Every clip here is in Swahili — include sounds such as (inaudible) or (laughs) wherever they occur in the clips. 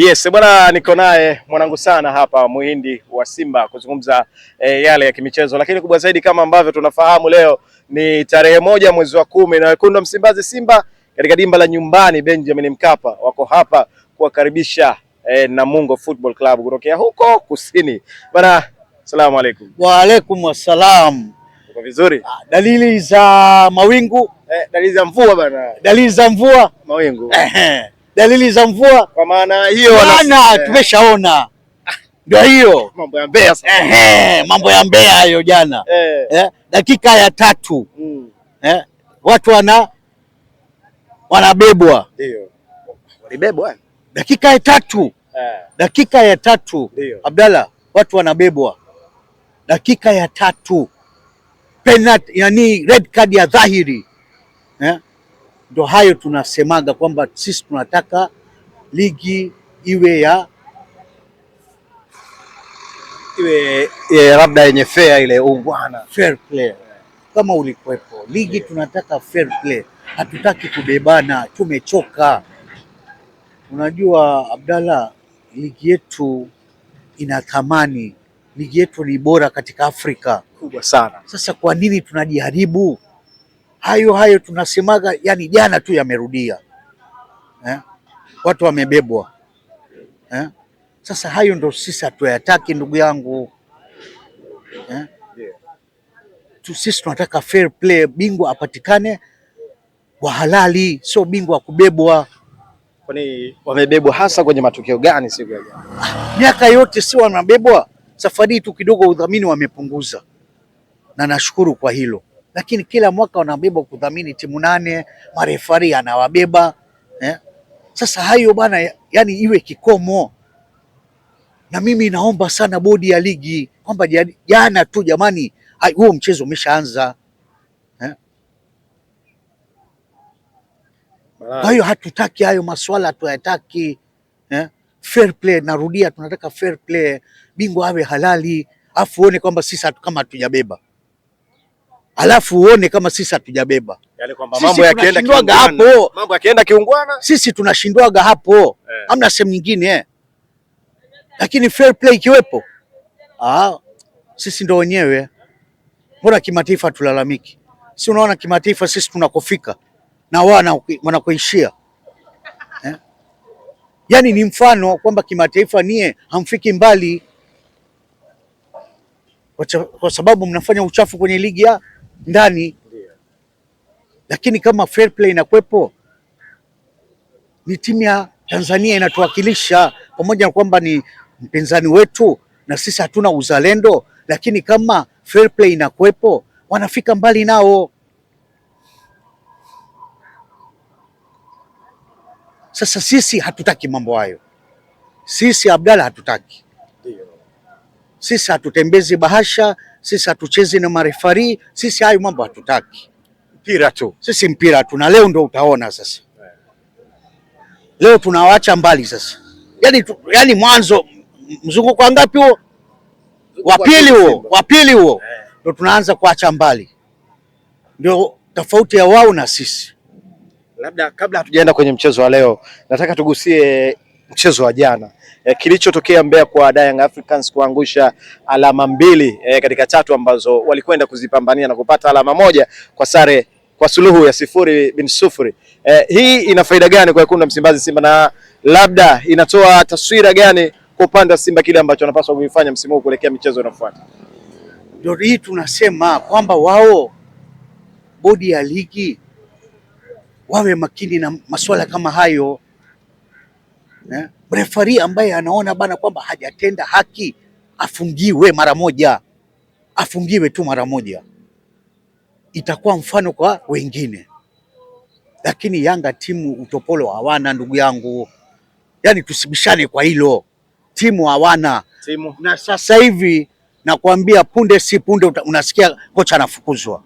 Yes, bwana niko naye mwanangu sana hapa Muhindi wa Simba kuzungumza eh, yale ya kimichezo, lakini kubwa zaidi kama ambavyo tunafahamu leo ni tarehe moja mwezi wa kumi na wekundu wa Msimbazi Simba katika dimba la nyumbani Benjamin Mkapa wako hapa kuwakaribisha na eh, Namungo Football Club kutokea huko kusini bwana. Asalamu alaykum. Wa alaykum wasalam. Uko vizuri? Ah, dalili za mawingu eh, dalili za mvua bwana. Dalili za mvua mawingu dalili za mvua. Kwa maana hiyo wana eh. tumeshaona ndio hiyo mambo ya mbea sasa. eh, mambo ya mbea hayo jana eh. Eh, dakika ya tatu mm. eh, watu wana wanabebwa ndio walibebwa dakika ya tatu eh. dakika ya tatu Dio. Abdalla, watu wanabebwa dakika ya tatu penalty, yani red card ya dhahiri eh? Ndo hayo tunasemaga kwamba sisi tunataka ligi iwe ya iwe labda yenye fair ile ubwana, fair play kama ulikwepo ligi Tunataka fair play, hatutaki kubebana, tumechoka. Unajua Abdalla, ligi yetu ina thamani, ligi yetu ni bora katika Afrika kubwa sana. Sasa kwa nini tunajiharibu? hayo hayo tunasemaga, yani jana tu yamerudia eh? Watu wamebebwa eh? Sasa hayo ndo sisi hatuyataki ndugu yangu eh? Tu, sisi tunataka fair play, bingwa apatikane kwa halali, sio bingwa wa kubebwa. Kwani wamebebwa hasa kwenye matukio gani? siku ya miaka yote si wanabebwa, safari tu kidogo udhamini wamepunguza, na nashukuru kwa hilo lakini kila mwaka wanabeba kudhamini timu nane, marefari anawabeba eh? Sasa hayo bana, yani iwe kikomo. Na mimi naomba sana bodi ya ligi kwamba jana tu jamani, huo mchezo umeshaanza eh? Kwa hiyo hatutaki hayo maswala tuyataki eh? Fair play, narudia, tunataka fair play, bingwa awe halali, afu uone kwamba sisi kama hatujabeba alafu uone kama sisi hatujabeba. Yaani kwamba mambo yakienda kiungwana, mambo yakienda kiungwana, sisi tunashindwaga hapo, eh. hamna sehemu nyingine, eh. lakini fair play ikiwepo, ah, sisi ndo wenyewe. Mbona kimataifa tulalamiki? Si unaona kimataifa sisi tunakofika na wana wanakoishia eh? Yaani ni mfano kwamba kimataifa nie hamfiki mbali kwa sababu mnafanya uchafu kwenye ligi ya ndani, lakini kama fair play inakuwepo, ni timu ya Tanzania inatuwakilisha, pamoja na kwamba ni mpinzani wetu na sisi hatuna uzalendo, lakini kama fair play inakuwepo, wanafika mbali nao. Sasa sisi hatutaki mambo hayo, sisi Abdalla hatutaki. Sisi hatutembezi bahasha, sisi hatuchezi na marefari, sisi hayo mambo hatutaki. Mpira tu sisi, mpira tu. Na leo ndo utaona sasa, leo tunawaacha mbali sasa. Yani, yani mwanzo mzunguko wa ngapi huo? Wa pili huo, wa pili huo eh. ndo tunaanza kuacha mbali, ndio tofauti ya wao na sisi. Labda kabla hatujaenda kwenye mchezo wa leo, nataka tugusie mchezo wa jana e, kilichotokea Mbeya kwa Young Africans kuangusha alama mbili e, katika tatu ambazo walikwenda kuzipambania na kupata alama moja kwa sare kwa suluhu ya sifuri bin sufuri. E, hii ina faida gani kwa wekundu wa Msimbazi Simba na labda inatoa taswira gani kwa upande wa Simba kile ambacho wanapaswa kuifanya msimu huu kuelekea michezo inayofuata? Ndio hii tunasema kwamba wao bodi ya ligi wawe makini na masuala kama hayo yeah. refari ambaye anaona bana kwamba hajatenda haki afungiwe mara moja, afungiwe tu mara moja, itakuwa mfano kwa wengine. Lakini Yanga timu utopolo hawana, ndugu yangu, yani tusibishane kwa hilo, timu hawana timu. Na sasa hivi nakwambia, punde si punde unasikia kocha anafukuzwa,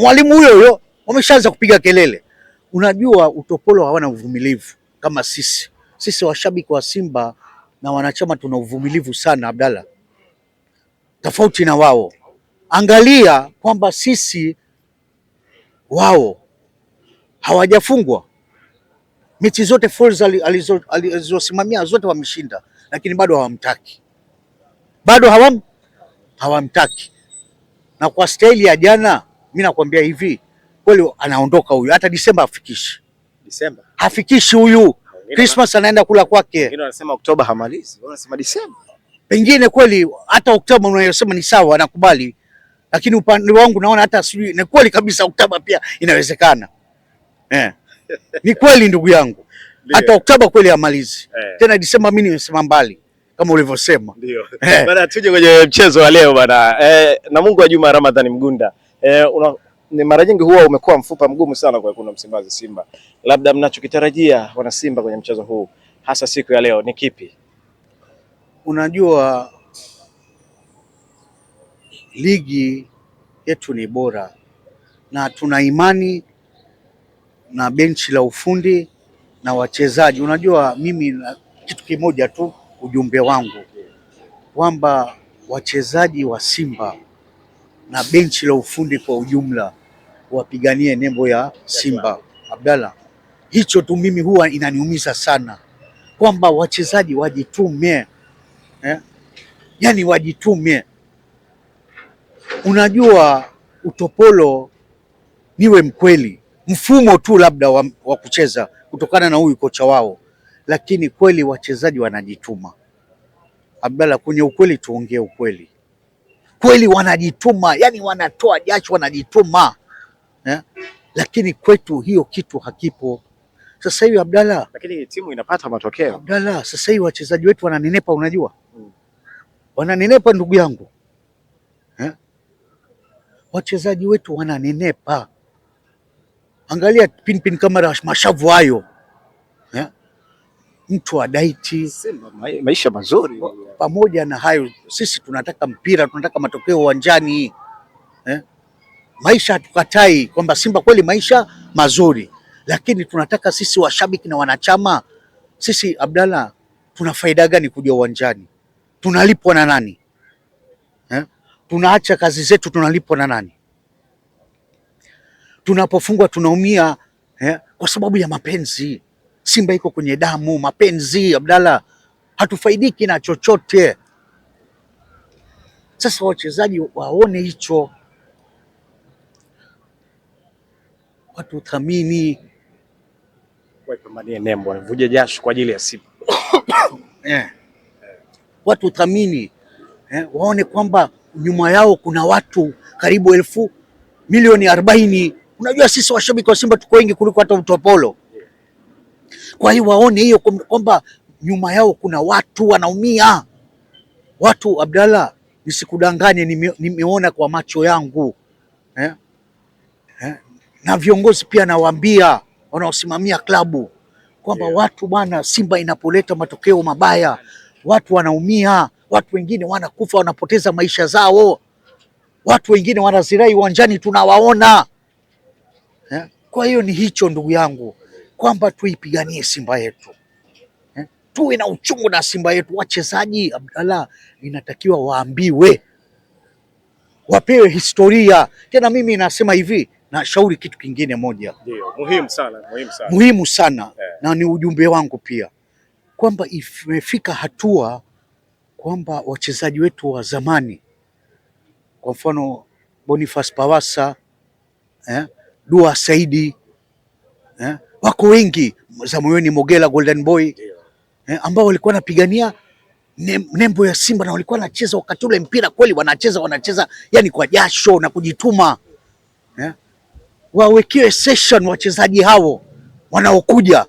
mwalimu huyo huyo wameshaanza kupiga kelele Unajua utopolo hawana uvumilivu kama sisi. Sisi washabiki wa Simba na wanachama tuna uvumilivu sana, Abdalla, tofauti na wao. Angalia kwamba sisi wao hawajafungwa mechi zote Folz alizosimamia zote wameshinda, lakini bado hawamtaki, bado hawam hawamtaki. Na kwa staili ya jana, mi nakwambia hivi kweli anaondoka huyu, hata Disemba hafikishi. Disemba hafikishi huyu, Christmas anaenda kula kwake. Wengine wanasema Oktoba hamalizi, wanasema Disemba. Pengine kweli hata Oktoba unayosema ni sawa, nakubali, lakini upande wangu naona hata sijui ni kweli kabisa, Oktoba pia inawezekana eh. (laughs) Ni kweli ndugu yangu, hata Oktoba kweli hamalizi eh. Tena Disemba mimi nimesema mbali kama ulivyosema ndio eh. (laughs) bana. Tuje kwenye mchezo wa leo bana eh, na Mungu wa Juma Ramadhani Mgunda eh, una mara nyingi huwa umekuwa mfupa mgumu sana kwa kuna Msimbazi Simba. Labda mnachokitarajia wana Simba kwenye mchezo huu hasa siku ya leo ni kipi? Unajua ligi yetu ni bora na tuna imani na benchi la ufundi na wachezaji. Unajua mimi na kitu kimoja tu, ujumbe wangu kwamba wachezaji wa Simba na benchi la ufundi kwa ujumla wapiganie nembo ya Simba. Abdalla, hicho tu mimi huwa inaniumiza sana kwamba wachezaji wajitume eh? Yani wajitume. Unajua utopolo, niwe mkweli, mfumo tu labda wa, wa kucheza kutokana na huyu kocha wao, lakini kweli wachezaji wanajituma. Abdalla, kwenye ukweli tuongee ukweli kweli wanajituma, yani wanatoa jasho, wanajituma eh? Lakini kwetu hiyo kitu hakipo. Sasa hivi Abdalla, lakini timu inapata matokeo Abdalla. Sasa hivi wachezaji wetu wananenepa, unajua hmm. Wananenepa ndugu yangu eh? Wachezaji wetu wananenepa, angalia pinpin kama mashavu hayo mtu wa daiti maisha mazuri. Pamoja na hayo, sisi tunataka mpira, tunataka matokeo uwanjani eh? Maisha hatukatai kwamba Simba kweli maisha mazuri, lakini tunataka sisi washabiki na wanachama, sisi Abdalla, tuna faida gani kuja uwanjani? Tunalipwa na nani eh? Tunaacha kazi zetu, tunalipwa na nani? Tunapofungwa tunaumia eh? Kwa sababu ya mapenzi Simba iko kwenye damu, mapenzi. Abdalla, hatufaidiki na chochote. Sasa wachezaji waone hicho, watu thamini, wapambanie nembo, wavuje jasho kwa ajili ya Simba yeah. (coughs) Watu thamini eh, waone kwamba nyuma yao kuna watu karibu elfu milioni arobaini. Unajua sisi washabiki wa Simba tuko wengi kuliko hata utopolo kwa hiyo waone hiyo kwamba nyuma yao kuna watu wanaumia. Watu Abdallah, nisikudanganye, nimeona kwa macho yangu eh? Eh? na viongozi pia nawaambia wanaosimamia klabu kwamba yeah. Watu bwana, Simba inapoleta matokeo mabaya watu wanaumia, watu wengine wanakufa, wanapoteza maisha zao, watu wengine wanazirai uwanjani, tunawaona eh? Kwa hiyo ni hicho ndugu yangu kwamba tuipiganie Simba yetu eh? Tuwe na uchungu na Simba yetu. Wachezaji Abdallah, inatakiwa waambiwe, wapewe historia. Tena mimi nasema hivi, nashauri kitu kingine moja muhimu sana, muhimu sana, muhimu sana yeah. Na ni ujumbe wangu pia kwamba imefika hatua kwamba wachezaji wetu wa zamani, kwa mfano Boniface Pawasa eh, Dua Saidi eh, wako wengi za moyoni Mogela Golden Boy eh, ambao walikuwa wanapigania nembo ya Simba na walikuwa wanacheza wakati ule mpira kweli, wanacheza wanacheza yani kwa jasho na kujituma eh, wawekiwe session wachezaji hao wanaokuja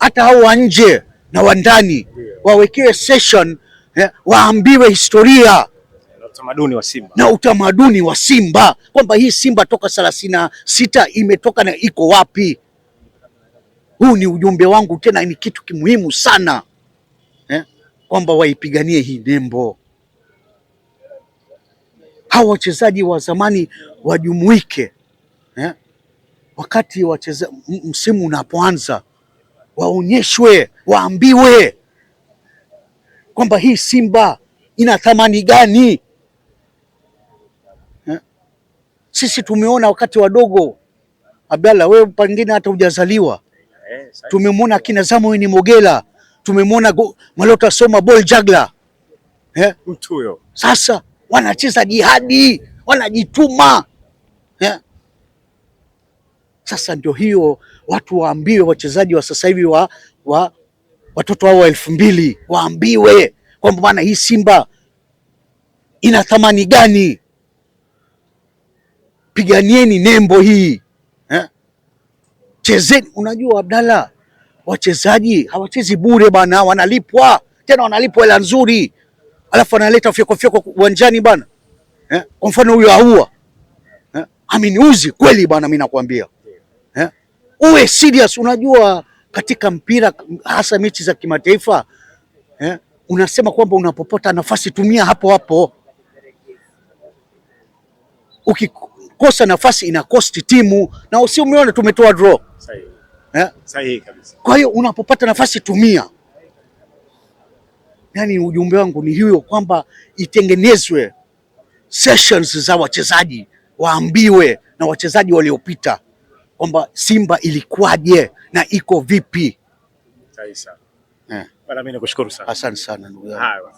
hata hao wa nje na wa ndani wawekiwe session eh, waambiwe historia utamaduni wa Simba na utamaduni wa Simba kwamba hii Simba toka thelathini na sita imetoka na iko wapi? Huu ni ujumbe wangu, tena ni kitu kimuhimu sana eh, kwamba waipiganie hii nembo. Hawa wachezaji wa zamani wajumuike eh, wakati wacheza msimu unapoanza, waonyeshwe, waambiwe kwamba hii Simba ina thamani gani eh? Sisi tumeona wakati wadogo, Abdalla, wewe pengine hata hujazaliwa Eh, tumemwona kina Samuel Mogela, tumemwona Malota Soma ball juggler. Eh? Mtu huyo. Sasa wanacheza jihadi, wanajituma. Eh? Sasa ndio hiyo watu waambiwe, wachezaji wa sasa hivi wa, wa watoto hao wa elfu mbili waambiwe kwamba bwana, hii Simba ina thamani gani? Piganieni nembo hii chezeni. Unajua Abdalla, wachezaji hawachezi bure bana, wanalipwa tena, wanalipwa hela nzuri, alafu analeta fyoko fyoko uwanjani bana eh? Kwa mfano huyo aua eh? ameniuzi kweli bana, mimi nakwambia eh? uwe serious. Unajua katika mpira hasa mechi za kimataifa eh? unasema kwamba unapopata nafasi tumia hapo hapo kosa nafasi ina cost timu, na usi umeona tumetoa draw. Sahihi. Eh? Sahihi kabisa. Kwa hiyo unapopata nafasi tumia. Yani, ujumbe wangu ni hiyo kwamba itengenezwe sessions za wachezaji waambiwe na wachezaji waliopita kwamba Simba ilikuwaje na iko vipi. Eh. mimi nakushukuru sana. Asante sana ndugu yangu.